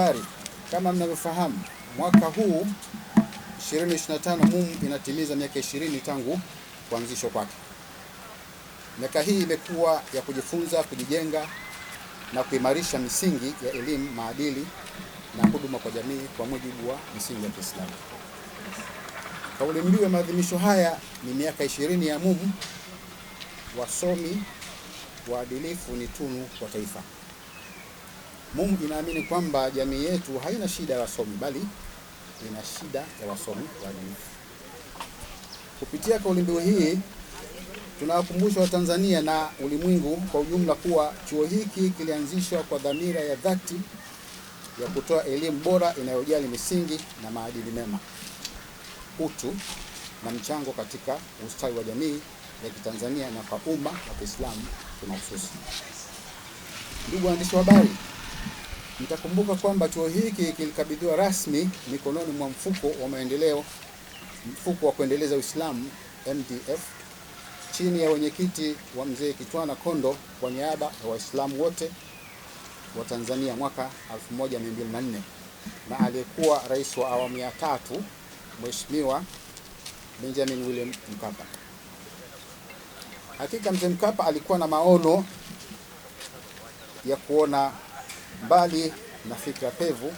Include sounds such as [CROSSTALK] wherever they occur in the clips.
habari, kama mnavyofahamu, mwaka huu 2025 MUM inatimiza miaka 20 tangu kuanzishwa kwake. Miaka hii imekuwa ya kujifunza, kujijenga na kuimarisha misingi ya elimu, maadili na huduma kwa jamii kwa mujibu wa misingi ya Kiislamu. Kauli mbiu ya maadhimisho haya ni miaka 20 ya MUM, wasomi waadilifu ni tunu kwa taifa. MUM inaamini kwamba jamii yetu haina shida ya wasomi, bali ina shida ya wasomi wabunifu. Kupitia kauli mbiu hii tunawakumbusha Watanzania na ulimwengu kwa ujumla kuwa chuo hiki kilianzishwa kwa dhamira ya dhati ya kutoa elimu bora inayojali misingi na maadili mema, utu na mchango katika ustawi wa jamii ya Kitanzania na kwa umma wa Kiislamu kimahususi. Ndugu waandishi wa habari Mtakumbuka kwamba chuo hiki kilikabidhiwa rasmi mikononi mwa mfuko wa maendeleo, mfuko wa kuendeleza Uislamu MDF, chini ya wenyekiti wa mzee Kitwana Kondo kwa niaba ya Waislamu wote wa Tanzania mwaka 1904 na aliyekuwa rais wa awamu ya tatu Mheshimiwa Benjamin William Mkapa. Hakika mzee Mkapa alikuwa na maono ya kuona mbali na fikra pevu,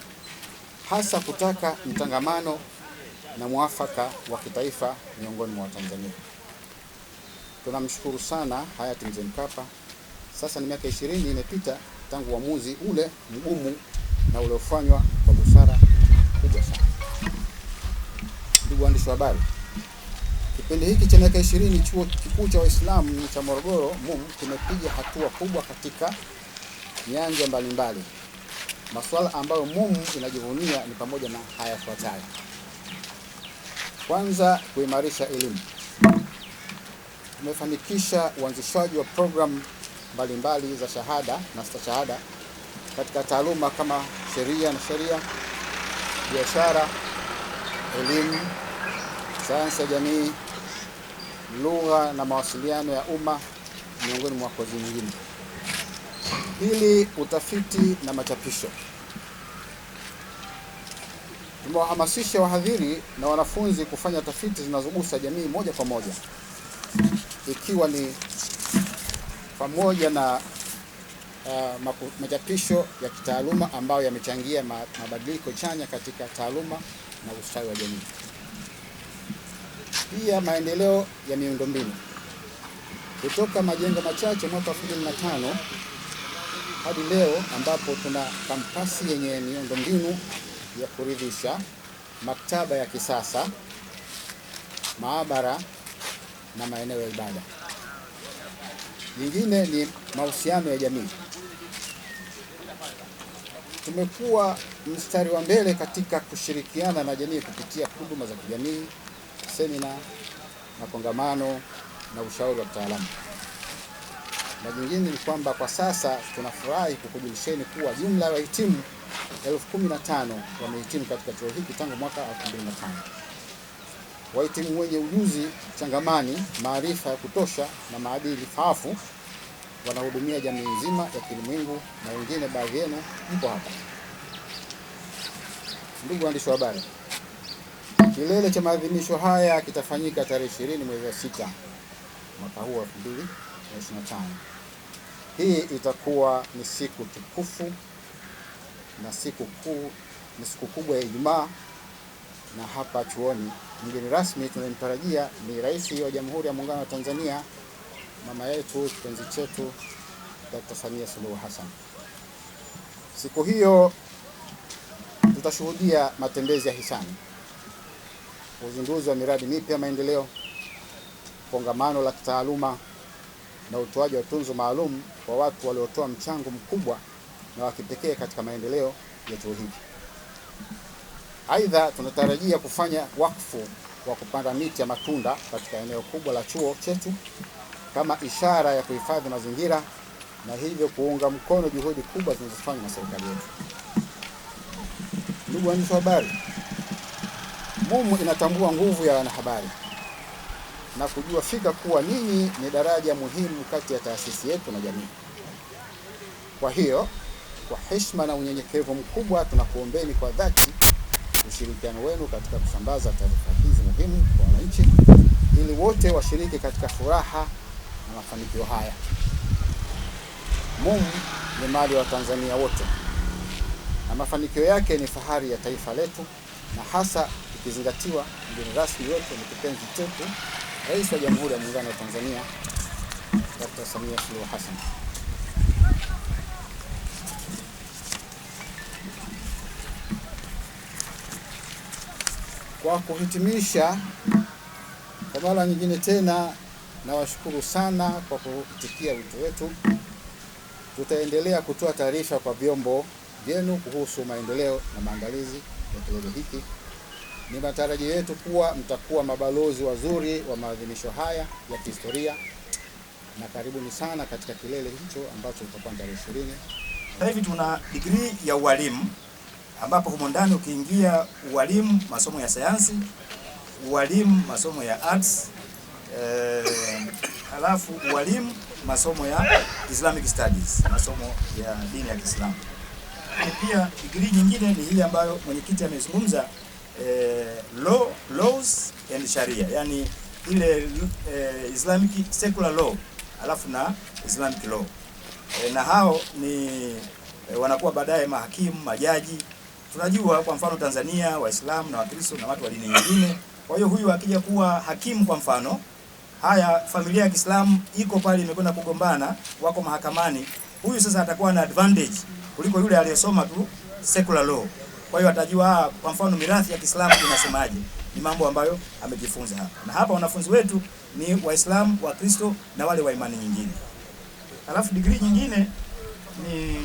hasa kutaka mtangamano na mwafaka wa kitaifa miongoni mwa Watanzania. Tunamshukuru sana hayati Mzee Mkapa. Sasa ni miaka ishirini imepita tangu uamuzi ule mgumu na uliofanywa kwa busara kubwa sana. Ndugu waandishi wa habari, kipindi hiki cha miaka ishirini chuo kikuu cha Waislamu cha Morogoro MUM kimepiga hatua kubwa katika nyanja mbalimbali. Masuala ambayo MUM inajivunia ni pamoja na haya yafuatayo: kwanza, kuimarisha elimu. Tumefanikisha uanzishaji wa programu mbalimbali za shahada na stashahada katika taaluma kama sheria na sheria, biashara, elimu, sayansi ya jamii, lugha na mawasiliano ya umma, miongoni mwa kozi nyingine. Pili, utafiti na machapisho. Tumewahamasisha wahadhiri na wanafunzi kufanya tafiti zinazogusa jamii moja kwa moja, ikiwa ni pamoja na uh, machapisho ya kitaaluma ambayo yamechangia mabadiliko chanya katika taaluma na ustawi wa jamii. Pia maendeleo ya miundombinu kutoka majengo machache mwaka 2005 hadi leo ambapo tuna kampasi yenye miundombinu ya kuridhisha, maktaba ya kisasa, maabara na maeneo ya ibada. Nyingine ni mahusiano ya jamii. Tumekuwa mstari wa mbele katika kushirikiana na jamii kupitia huduma za kijamii, semina, makongamano na ushauri wa kitaalamu na jingine ni kwamba kwa sasa tunafurahi kukujulisheni kuwa jumla ya wahitimu 15 wamehitimu katika chuo hiki tangu mwaka 2005. Wahitimu wenye ujuzi changamani, maarifa ya kutosha na maadili faafu wanahudumia jamii nzima ya kilimwengu na wengine baadhi yenu mpo hapa. Ndugu waandishi wa habari, kilele cha maadhimisho haya kitafanyika tarehe 20 mwezi wa 6 mwaka huu wa 2025. Hii itakuwa ni siku tukufu na siku kuu, ni siku kubwa ya Ijumaa, na hapa chuoni mgeni rasmi tunamtarajia ni Rais wa Jamhuri ya Muungano wa Tanzania, mama yetu kipenzi chetu Dr. Samia Suluhu Hassan. Siku hiyo tutashuhudia matembezi ya hisani, uzinduzi wa miradi mipya maendeleo, kongamano la kitaaluma na utoaji wa tunzo maalum kwa watu waliotoa mchango mkubwa na wa kipekee katika maendeleo ya chuo hiki. Aidha, tunatarajia kufanya wakfu wa kupanda miti ya matunda katika eneo kubwa la chuo chetu kama ishara ya kuhifadhi mazingira na hivyo kuunga mkono juhudi kubwa zinazofanywa na serikali yetu. Ndugu waandishi wa habari, MUM inatambua nguvu ya wanahabari na kujua fika kuwa ninyi ni daraja muhimu kati ya taasisi yetu na jamii. Kwa hiyo, kwa heshima na unyenyekevu mkubwa tunakuombeni kwa dhati ushirikiano wenu katika kusambaza taarifa hizi muhimu kwa wananchi ili wote washiriki katika furaha na mafanikio haya. MUM ni mali ya Watanzania wote na mafanikio yake ni fahari ya taifa letu, na hasa ikizingatiwa mgeni rasmi wetu ni kipenzi chetu Rais wa Jamhuri ya Muungano wa Tanzania Dr. Samia Suluhu Hassan kwa kuhitimisha, kwa mara nyingine tena nawashukuru sana kwa kuitikia wito wetu. Tutaendelea kutoa taarifa kwa vyombo vyenu kuhusu maendeleo na maandalizi ya kigezo hiki. Ni matarajio yetu kuwa mtakuwa mabalozi wazuri wa maadhimisho haya ya kihistoria, na karibuni sana katika kilele hicho ambacho kitakuwa tarehe ishirini. Sasa hivi tuna digrii ya ualimu ambapo humo ndani ukiingia ualimu masomo ya sayansi, ualimu masomo ya arts eh, halafu ualimu masomo ya Islamic studies, masomo ya dini ya Kiislamu. Pia digrii nyingine ni hili ambayo mwenyekiti amezungumza eh, law, laws and sharia, yani ile eh, Islamic secular law alafu na Islamic law eh, na hao ni eh, wanakuwa baadaye mahakimu, majaji. Tunajua kwa mfano Tanzania Waislamu na Wakristo na watu wa dini nyingine. Kwa hiyo huyu akija kuwa hakimu kwa mfano, haya familia ya Kiislamu iko pale imekwenda kugombana, wako mahakamani, huyu sasa atakuwa na advantage kuliko yule aliyesoma tu secular law. Kwa hiyo atajua ah, kwa mfano mirathi ya Kiislamu inasemaje. Ni mambo ambayo amejifunza hapa, na hapa wanafunzi wetu ni Waislamu, Wakristo na wale wa imani nyingine. Alafu digrii nyingine ni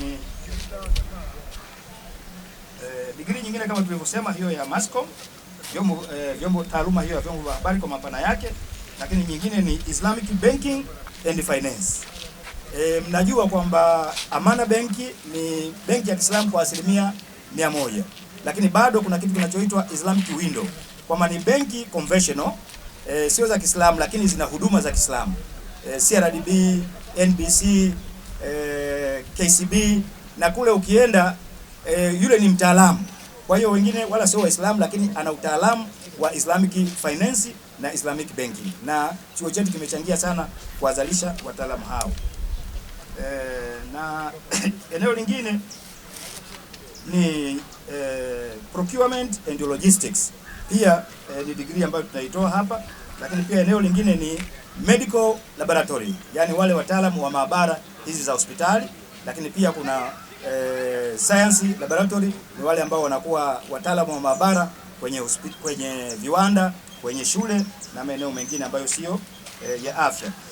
eh, digrii nyingine kama tulivyosema hiyo ya Mascom vyombo eh, vyombo taaluma hiyo ya vyombo vya habari kwa mapana yake, lakini nyingine ni Islamic Banking and Finance. E, mnajua kwamba Amana Benki ni benki ya Kiislamu kwa asilimia mia moja, lakini bado kuna kitu kinachoitwa Islamic window kwamba ni benki conventional e, sio za Kiislamu lakini zina huduma za Kiislamu e, eh, CRDB, NBC, e, eh, KCB na kule ukienda e, yule ni mtaalamu. Kwa hiyo wengine wala sio Waislamu lakini ana utaalamu wa Islamic finance na Islamic banking, na chuo chetu kimechangia sana kuwazalisha wataalamu hao e, na [COUGHS] eneo lingine ni eh, procurement and logistics pia eh, ni degree ambayo tunaitoa hapa, lakini pia eneo lingine ni medical laboratory, yani wale wataalamu wa maabara hizi za hospitali, lakini pia kuna eh, science laboratory ni wale ambao wanakuwa wataalamu wa maabara kwenye hospitali, kwenye viwanda, kwenye shule na maeneo mengine ambayo sio eh, ya afya.